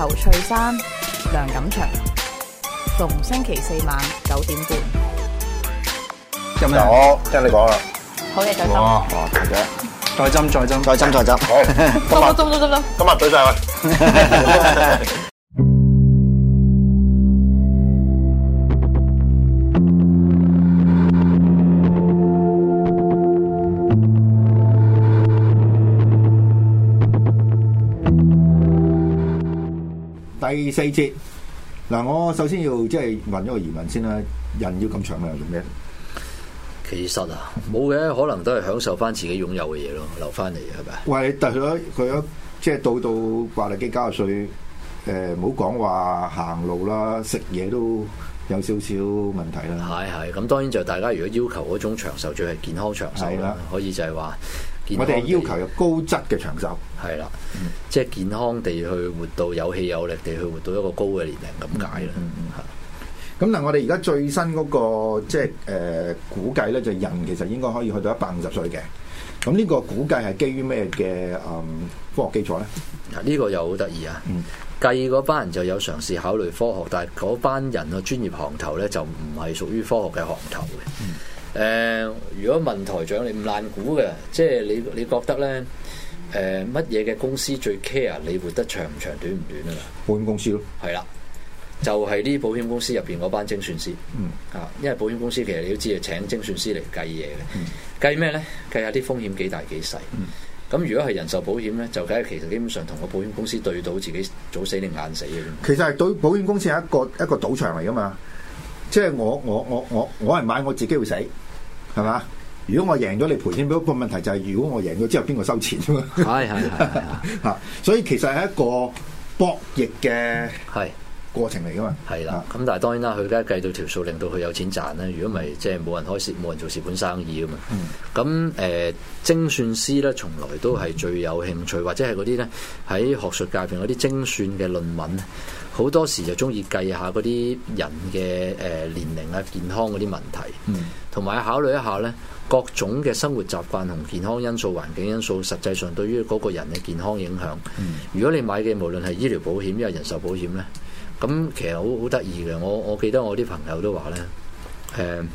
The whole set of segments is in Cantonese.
侯翠珊、梁錦祥，逢星期四晚九點半。咁樣，我聽你講啦。好嘢，再斟。哇，大姐，再斟，再斟，再斟，再斟。好，日針 晚，針，針，針。今日對晒佢。細節嗱，我首先要即係問一個疑問先啦，人要咁長命做咩？其實啊，冇嘅， 可能都係享受翻自己擁有嘅嘢咯，留翻嚟係咪？是是喂，但係佢佢即係到到八啊幾加啊歲，誒、呃，唔好講話行路啦，食嘢都有少少問題啦。係係，咁當然就大家如果要求嗰種長壽，最係健康長壽啦，的可以就係話。我哋係要求有高質嘅長壽，係啦的，嗯、即係健康地去活到有氣有力地去活到一個高嘅年齡咁解啦。嗯咁嗱，嗯、的我哋而家最新嗰、嗰個即係誒估計咧，就人其實應該可以去到一百五十歲嘅。咁呢個估計係基於咩嘅誒科學基礎咧？啊，呢個又好得意啊！嗯，計嗰班人就有嘗試考慮科學，但係嗰班人嘅專業行頭咧就唔係屬於科學嘅行頭嘅。嗯。誒、呃，如果問台長你唔難估嘅，即係你你覺得咧，誒、呃，乜嘢嘅公司最 care 你活得長唔長短短短，短唔短啊？保險公司咯，係啦，就係、是、啲保險公司入邊嗰班精算師，嗯，啊，因為保險公司其實你都知係請精算師嚟計嘢嘅，計咩咧？計下啲風險幾大幾細，咁、嗯、如果係人壽保險咧，就梗係其實基本上同個保險公司對賭自己早死定晏死嘅，其實係對保險公司係一個一個賭場嚟噶嘛。即係我我我我我係買我自己會死，係嘛？如果我贏咗你賠錢畀我，不過問題就係如果我贏咗之後，邊個收錢啫嘛？係係係啊！所以其實係一個博弈嘅係過程嚟噶嘛係啦，咁的的但係當然啦，佢梗係計到條數，令到佢有錢賺啦。如果唔係，即係冇人開蝕，冇人做蝕本生意噶嘛。咁誒、嗯呃，精算師咧，從來都係最有興趣，或者係嗰啲咧喺學術界邊嗰啲精算嘅論文，好多時就中意計下嗰啲人嘅誒年齡啊，嗯、健康嗰啲問題，同埋、嗯、考慮一下咧各種嘅生活習慣同健康因素、環境因素，實際上對於嗰個人嘅健康影響。嗯、如果你買嘅無論係醫療保險亦係人壽保險咧。咁其實好好得意嘅，我我記得我啲朋友都話咧，誒、呃，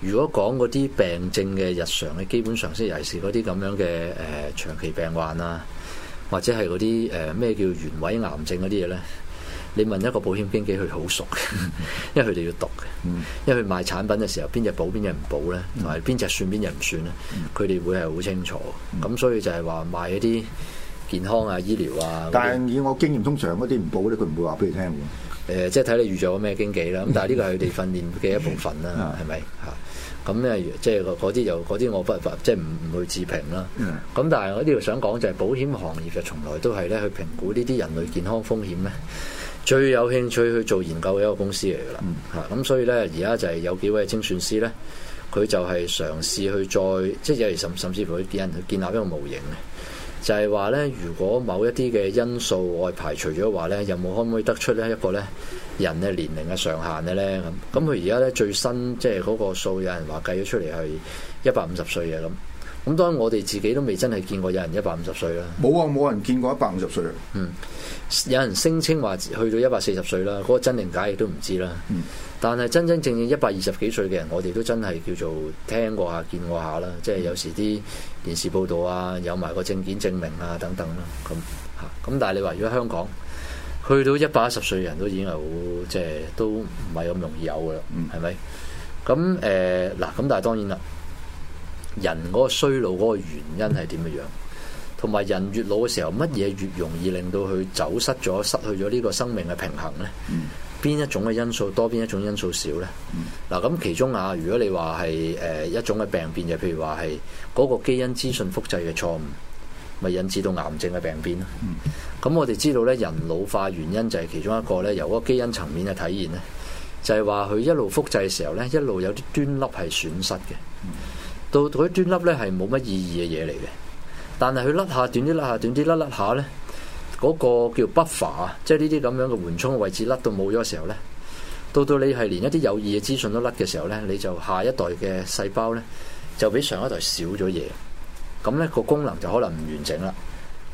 如果講嗰啲病症嘅日常嘅基本常識，尤其是嗰啲咁樣嘅誒、呃、長期病患啊，或者係嗰啲誒咩叫原位癌症嗰啲嘢咧，你問一個保險經紀佢好熟。 因，因為佢哋要讀嘅，因為佢賣產品嘅時候邊隻保邊隻唔保咧，同埋邊隻算邊隻唔算咧，佢哋會係好清楚。咁所以就係話賣一啲，健康啊，醫療啊，但係以我經驗，通常嗰啲唔保嗰啲，佢唔會話俾你聽、啊、嘅、呃。即係睇你預咗咩經紀啦。咁 但係呢個係佢哋訓練嘅一部分啦，係咪？ 嚇咁咧，即係嗰啲就啲，我不即係唔唔去自評啦。咁、嗯、但係我呢度想講就係保險行業嘅，從來都係咧去評估呢啲人類健康風險咧，最有興趣去做研究嘅一個公司嚟㗎啦。嚇咁、嗯啊、所以咧，而家就係有幾位精算師咧，佢就係嘗試去再即係有甚甚至乎啲人去建立一個模型咧。就係話咧，如果某一啲嘅因素我排除咗話咧，有冇可唔可以得出咧一個咧人嘅年齡嘅上限嘅咧？咁咁佢而家咧最新即係嗰個數，有人話計咗出嚟係一百五十歲嘅咁。咁當然，我哋自己都未真係見過有人一百五十歲啦。冇啊，冇人見過一百五十歲。嗯，有人聲稱話去到一百四十歲啦，嗰、那個真定假亦都唔知啦。但係真真正正一百二十幾歲嘅人，我哋都真係叫做聽過下、見過下啦。即係有時啲電視報道啊，有埋個證件證明啊等等啦、啊。咁嚇，咁但係你話如果香港去到一百一十歲人都已經係好，即係都唔係咁容易有嘅啦。嗯，係咪？咁誒嗱，咁但係當然啦。人嗰個衰老嗰個原因係點樣樣？同埋人越老嘅時候，乜嘢越容易令到佢走失咗，失去咗呢個生命嘅平衡呢？邊一種嘅因素多，邊一種因素少呢？嗱，咁其中啊，如果你話係誒一種嘅病變，就譬如話係嗰個基因資訊複製嘅錯誤，咪引致到癌症嘅病變咯。咁我哋知道咧，人老化原因就係其中一個咧，由嗰個基因層面嘅體現咧，就係話佢一路複製嘅時候咧，一路有啲端粒係損失嘅。到嗰啲端粒咧係冇乜意義嘅嘢嚟嘅，但係佢甩下短啲甩下短啲甩甩下咧，嗰、那個叫 buffer，即係呢啲咁樣嘅緩衝嘅位置甩到冇咗嘅時候咧，到到你係連一啲有意嘅資訊都甩嘅時候咧，你就下一代嘅細胞咧就比上一代少咗嘢，咁咧、那個功能就可能唔完整啦，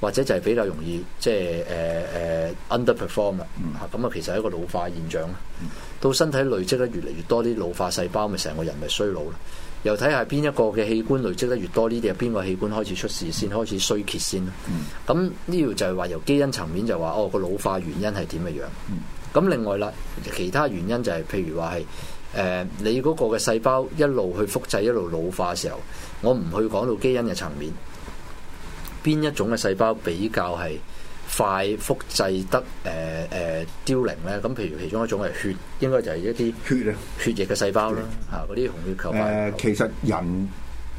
或者就係比較容易即係誒誒、呃呃、underperform 啊，咁啊其實係一個老化現象啦，到身體累積得越嚟越多啲老化細胞，咪成個人咪衰老啦。又睇下邊一個嘅器官累積得越多呢啲，有邊個器官開始出事先，先開始衰竭先咯。咁呢條就係話由基因層面就話哦個老化原因係點嘅樣。咁、嗯、另外啦，其他原因就係、是、譬如話係誒你嗰個嘅細胞一路去複製一路老化嘅時候，我唔去講到基因嘅層面，邊一種嘅細胞比較係。快複製得誒誒凋零咧，咁譬如其中一種係血，應該就係一啲血啊，血液嘅細胞啦，嚇嗰啲紅血球啊、呃。其實人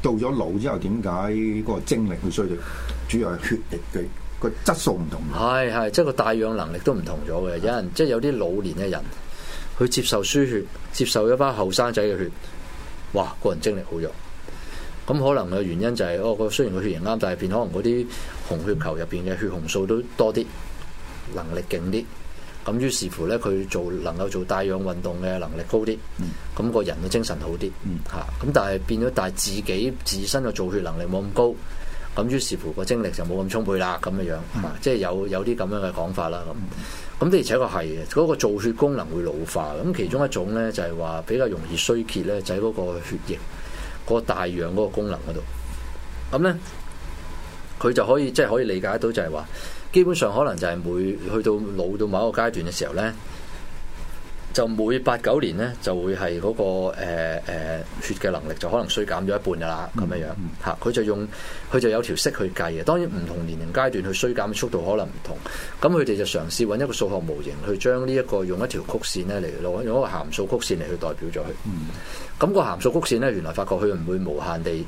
到咗老之後，點解個精力會衰弱？主要係血液嘅個質素唔同。係係，即係個帶氧能力都唔同咗嘅。是有人即係有啲老年嘅人，佢接受輸血，接受一班後生仔嘅血，哇！個人精力好咗。咁可能嘅原因就係我個雖然個血型啱，但係變可能嗰啲紅血球入邊嘅血紅素都多啲，能力勁啲。咁於是乎咧，佢做能夠做帶氧運動嘅能力高啲。咁、嗯、個人嘅精神好啲。嚇、嗯，咁但係變咗，但係自己自身嘅造血能力冇咁高。咁、嗯、於是乎個精力就冇咁充沛啦。咁嘅樣，嗯啊、即係有有啲咁樣嘅講法啦。咁咁的而且確係嘅，嗰個造血功能會老化。咁其中一種咧就係、是、話比較容易衰竭咧，就係、是、嗰個血液。個大氧嗰個功能嗰度，咁咧佢就可以即係、就是、可以理解到就，就係話基本上可能就係每去到老到某一個階段嘅時候咧。就每八九年咧，就會係嗰、那個誒、呃呃、血嘅能力就可能衰減咗一半噶啦，咁樣樣嚇，佢、mm hmm. 就用佢就有條式去計嘅。當然唔同年齡階段去衰減嘅速度可能唔同，咁佢哋就嘗試揾一個數學模型去將呢、這、一個用一條曲線咧嚟攞用一個函數曲線嚟去代表咗佢。咁、mm hmm. 個函數曲線咧，原來發覺佢唔會無限地。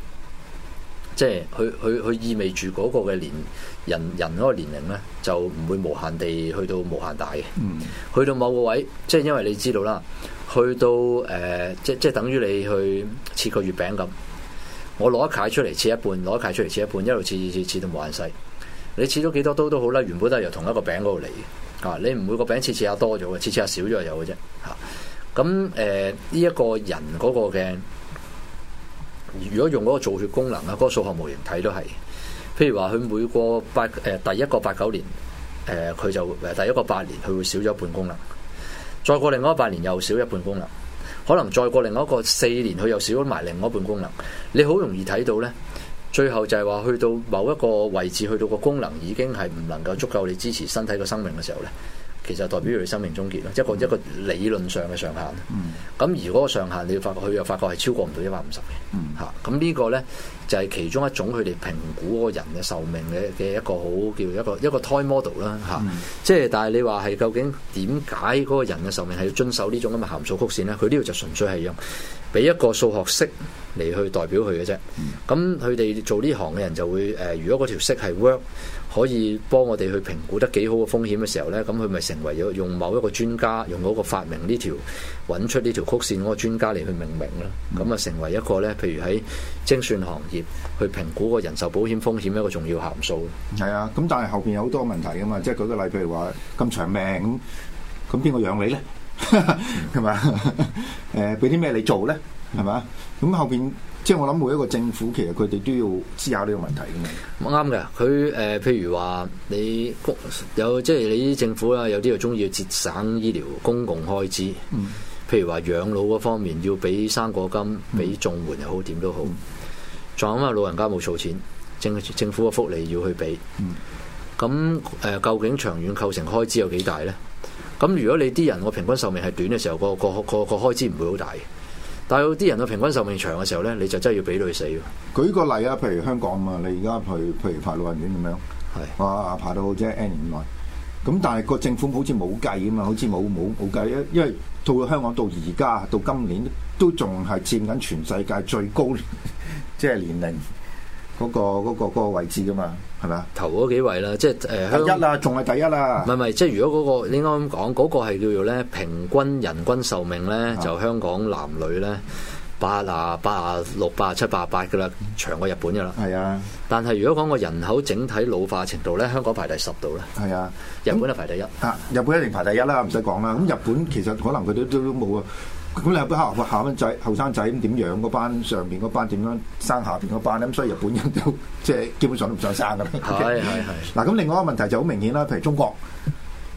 即係佢佢佢意味住嗰個嘅年人人嗰個年齡咧，就唔會無限地去到無限大嘅。嗯、去到某個位，即係因為你知道啦，去到誒、呃，即即係等於你去切個月餅咁。我攞一塊出嚟切一半，攞一塊出嚟切一半，一路切切切切到無限細。你切咗幾多刀都好啦，原本都係由同一個餅嗰度嚟嘅嚇。你唔會個餅切切下多咗嘅，切切下少咗有嘅啫嚇。咁誒呢一個人嗰個嘅。如果用嗰個造血功能啊，嗰、嗰個數學模型睇都係，譬如話佢每個八誒、呃、第一個八九年誒，佢、呃、就第一個八年佢會少咗一半功能，再過另外一個八年又少一半功能，可能再過另外一個四年佢又少咗埋另外一半功能，你好容易睇到呢，最後就係話去到某一個位置，去到個功能已經係唔能夠足夠你支持身體個生命嘅時候呢。其實代表佢生命終結咯，一個一個理論上嘅上限。咁、嗯、而嗰個上限，你會發覺佢又發覺係超過唔到一百五十嘅。嚇、嗯，咁呢、啊這個呢，就係、是、其中一種佢哋評估嗰個人嘅壽命嘅嘅一個好叫一個一個 toy model 啦、啊。嚇、嗯，即係但係你話係究竟點解嗰個人嘅壽命係要遵守呢種咁嘅函數曲線呢？佢呢度就純粹係用俾一個數學式。嚟去代表佢嘅啫，咁佢哋做呢行嘅人就會，誒、呃，如果嗰條息係 work，可以幫我哋去評估得幾好嘅風險嘅時候咧，咁佢咪成為咗用某一個專家，用嗰個發明呢條揾出呢條曲線嗰個專家嚟去命名咯，咁啊成為一個咧，譬如喺精算行業去評估個人壽保險風險一個重要函數。係啊，咁但係後邊有好多問題嘅嘛，即係舉個例，譬如話咁長命咁，咁邊個養你咧？係 嘛是吧？誒、 呃，俾啲咩你做咧？係咪？咁後邊即係我諗，每一個政府其實佢哋都要思考呢個問題嘅、嗯。啱嘅，佢誒、呃，譬如話你有即係你政府啦，有啲又中意節省醫療公共開支。嗯、譬如話養老嗰方面要俾生果金，俾綜援又好，點都好。仲有咧，老人家冇儲錢，政政府嘅福利要去俾。咁誒、嗯呃，究竟長遠構成開支有幾大咧？咁如果你啲人個平均壽命係短嘅時候，個個個開支唔會好大。但係有啲人嘅平均壽命長嘅時候咧，你就真係要俾佢死。舉個例啊，譬如香港啊嘛，你而家去譬如排老人院咁樣，係哇的、啊，排到好似 N 年耐。咁但係個政府好似冇計啊嘛，好似冇冇冇計。因因為到到香港到而家到今年都仲係佔緊全世界最高即係 年齡。嗰、那個嗰、那個、位置噶嘛，係咪啊？頭嗰幾位啦，即係誒、呃、香港第一啦，仲係第一啦。唔係唔係，即係如果嗰、那個你應該咁講，嗰、那個係叫做咧平均人均壽命咧，的就香港男女咧八啊八啊六八啊七八啊八噶啦，長過日本噶啦。係啊的，但係如果講個人口整體老化程度咧，香港排第十度啦。係啊的，日本係排第一。啊，日本一定排第一啦，唔使講啦。咁日本其實可能佢都都都冇啊。咁你阿哥下下蚊仔後生仔，咁點養嗰班上邊嗰班？點樣生下邊嗰班咧？咁所以日本人都即係基本上都唔想生嘅啦。係係係。嗱咁另外一個問題就好明顯啦，譬如中國。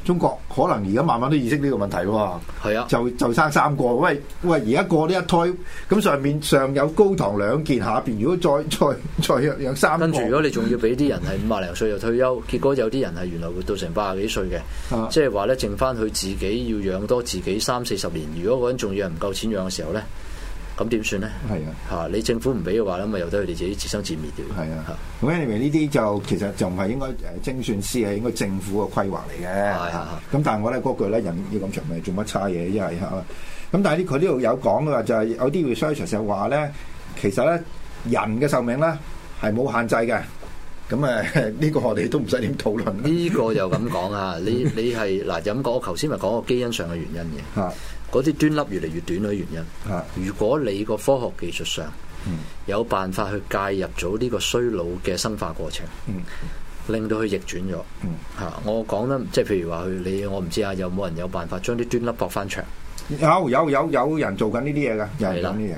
中國可能而家慢慢都意識呢個問題喎，係啊，就就生三個，喂喂，而家過呢一胎，咁上面上面有高堂兩件，下邊如果再再再養三個，跟住如果你仲要俾啲人係五廿零歲就退休，結果有啲人係原來活到成八十幾歲嘅，即係話咧剩翻佢自己要養多自己三四十年，如果嗰陣仲養唔夠錢養嘅時候咧。咁點算咧？係啊！嚇、啊、你政府唔俾嘅話，咁咪由得佢哋自己自生自滅掉。係啊！咁 anyway 呢啲就其實就唔係應該誒精算師，係應該政府嘅規劃嚟嘅。係咁、啊啊啊、但係我咧嗰句咧，人要咁長命做乜差嘢？因為嚇咁，但係、這個就是、呢佢呢度有講嘅話，就係有啲 research 成日話咧，其實咧人嘅壽命咧係冇限制嘅。咁誒呢個我哋都唔使點討論。呢個就咁講啊！你你係嗱咁講，我頭先咪講個基因上嘅原因嘅。嚇！嗰啲端粒越嚟越短嘅原因。啊、如果你個科學技術上、嗯、有辦法去介入咗呢個衰老嘅生化過程，嗯嗯、令到佢逆轉咗。吓、嗯啊，我講得，即係譬如話佢你，我唔知啊，有冇人有辦法將啲端粒駁翻長？有有有有人做緊呢啲嘢噶，的嗯、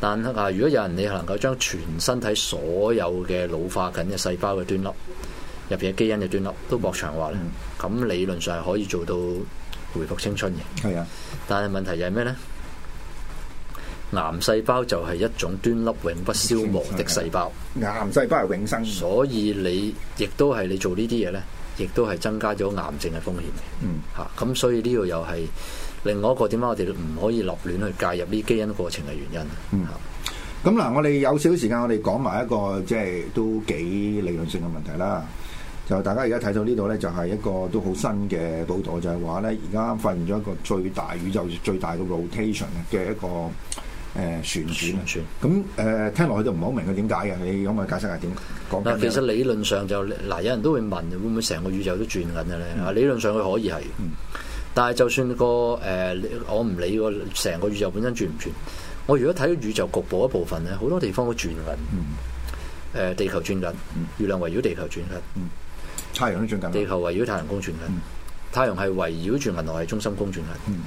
但係、啊、如果有人你能夠將全身體所有嘅老化緊嘅細胞嘅端粒入邊嘅基因嘅端粒都駁長嘅話咧，咁呢呢理論上係可以做到。回復青春嘅，係啊的，但係問題係咩呢？癌細胞就係一種端粒永不消磨的細胞，清清癌細胞係永生，所以你亦都係你做呢啲嘢呢，亦都係增加咗癌症嘅風險。嗯，吓咁、啊，所以呢個又係另外一個點解我哋唔可以立亂去介入呢基因過程嘅原因。嗯，咁嗱，我哋有少少時間，我哋講埋一個即係都幾理論性嘅問題啦。就大家而家睇到呢度咧，就係一個都好新嘅報導就，就係話咧，而家啱發現咗一個最大宇宙最大嘅 rotation 嘅一個誒、呃、旋轉。咁誒轉、呃、聽落去都唔好明佢點解嘅，你可唔可以解釋下點講？其實理論上就嗱，有人都會問會唔會成個宇宙都轉緊嘅咧？嗯、理論上佢可以係，嗯、但係就算個誒、呃、我唔理個成個宇宙本身轉唔轉，我如果睇宇宙局部一部分咧，好多地方都轉緊。誒、嗯呃、地球轉緊，月亮圍繞地球轉緊。嗯太陽都轉緊，地球圍繞太陽公轉緊。嗯、太陽系圍繞住銀河系中心公轉緊。嗯、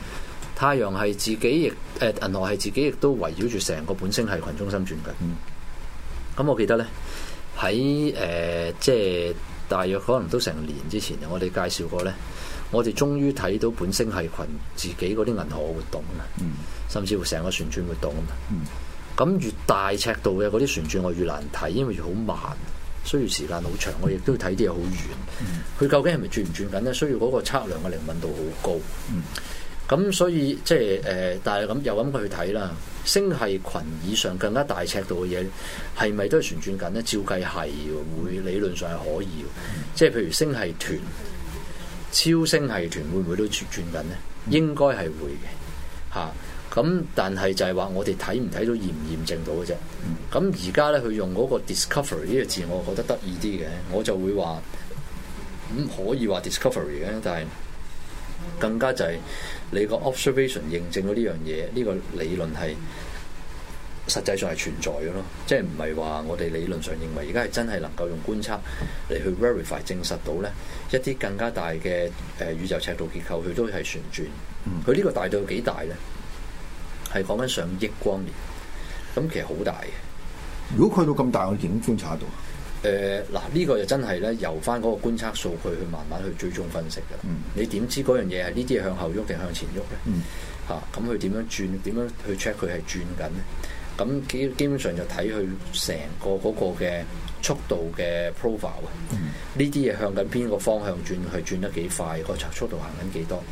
太陽系自己亦，誒、呃，銀河系自己亦都圍繞住成個本星系群中心轉緊。咁、嗯、我記得呢，喺誒、呃，即係大約可能都成年之前，我哋介紹過呢，我哋終於睇到本星系群自己嗰啲銀河嘅活動啦。嗯、甚至乎成個旋轉活動啊。咁、嗯、越大尺度嘅嗰啲旋轉我越難睇，因為越好慢。需要時間好長，我亦都睇啲嘢好遠。佢究竟係咪轉唔轉緊呢？需要嗰個測量嘅靈敏度好高。咁、嗯、所以即係誒，但係咁又咁去睇啦。星系群以上更加大尺度嘅嘢係咪都係旋轉緊呢？照計係會理論上係可以。即係譬如星系團、超星系團，會唔會都轉緊呢？應該係會嘅嚇。啊。咁，但係就係話我哋睇唔睇到、驗唔驗證到嘅啫。咁而家咧，佢用嗰個 discovery 呢個字，我覺得得意啲嘅。我就會話，咁、嗯、可以話 discovery 嘅，但係更加就係你個 observation 認證咗呢樣嘢，呢、呢個理論係實際上係存在嘅咯。即係唔係話我哋理論上認為而家係真係能夠用觀察嚟去 verify 證實到咧一啲更加大嘅誒、呃、宇宙尺度結構，佢都係旋轉。佢呢、嗯、個大到幾大咧？係講緊上億光年，咁其實好大嘅。如果佢去到咁大，我點觀察到啊？誒、呃，嗱，呢個就真係咧，由翻嗰個觀察數據去慢慢去追蹤分析嘅。嗯，你點知嗰樣嘢係呢啲嘢向後喐定向前喐咧？嗯，咁佢點樣轉？點樣去 check 佢係轉緊呢？咁基基本上就睇佢成個嗰個嘅速度嘅 profile 嘅、嗯。呢啲嘢向緊邊個方向轉？去轉得幾快？個速度行緊幾多？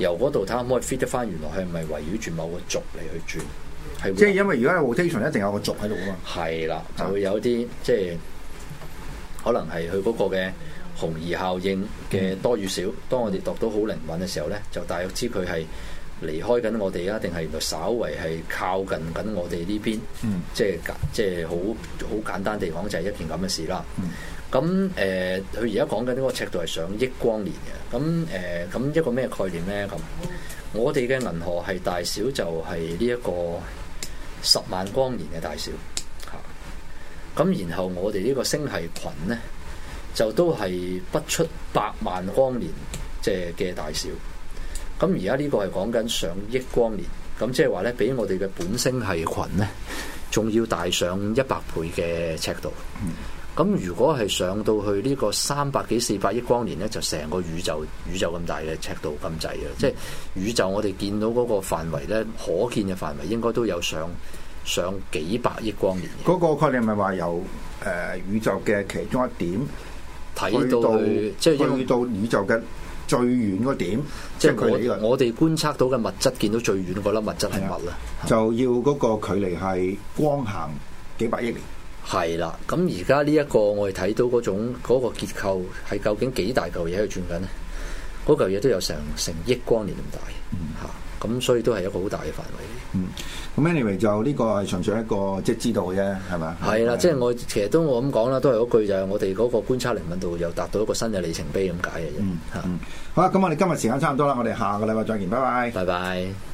由嗰度，他可唔可以 fit 得翻原來係咪圍繞住某個軸嚟去轉？係即係因為而家有 rotation 一定有個軸喺度啊嘛。係啦、嗯，就會有啲即係可能係佢嗰個嘅紅移效應嘅多與少。當我哋讀到好靈敏嘅時候咧，就大約知佢係離開緊我哋啊，定係稍微係靠近緊我哋呢邊，嗯、即係即係好好簡單地講，就係一件咁嘅事啦。咁誒、嗯，佢而家講緊呢個尺度係上億光年嘅。咁誒，咁、呃、一個咩概念咧？咁我哋嘅銀河系大小就係呢一個十萬光年嘅大小。嚇、啊！咁然後我哋呢個星系群咧，就都係不出百萬光年即係嘅大小。咁而家呢個係講緊上億光年，咁即係話咧，比我哋嘅本星系群咧，仲要大上一百倍嘅尺度。咁、嗯、如果係上到去呢個三百幾四百億光年咧，就成個宇宙宇宙咁大嘅尺度咁滯嘅，嗯、即係宇宙我哋見到嗰個範圍咧，可見嘅範圍應該都有上上幾百億光年。嗰、嗯，那個概念咪話由誒、呃、宇宙嘅其中一點睇到，到，即係去到宇，宇宙嘅。最遠嗰點，即係我我哋觀察到嘅物質，見到最遠嗰粒物質係乜啊？係啦，就要嗰個距離係光行幾百億年。係啦，咁而家呢一個我哋睇到嗰種嗰個結構係究竟幾大嚿嘢喺度轉緊咧？嗰嚿嘢都有成成億光年咁大，嗯嚇。咁所以都係一個好大嘅範圍。嗯，咁 anyway 就呢個係純粹一個即係、就是、知道嘅啫，係嘛？係啦的，的即係我其實都我咁講啦，都係嗰句就係我哋嗰個觀察靈敏度又達到一個新嘅里程碑咁解嘅啫。嗯，的好啦，咁我哋今日時間差唔多啦，我哋下個禮拜再見，拜拜。拜拜。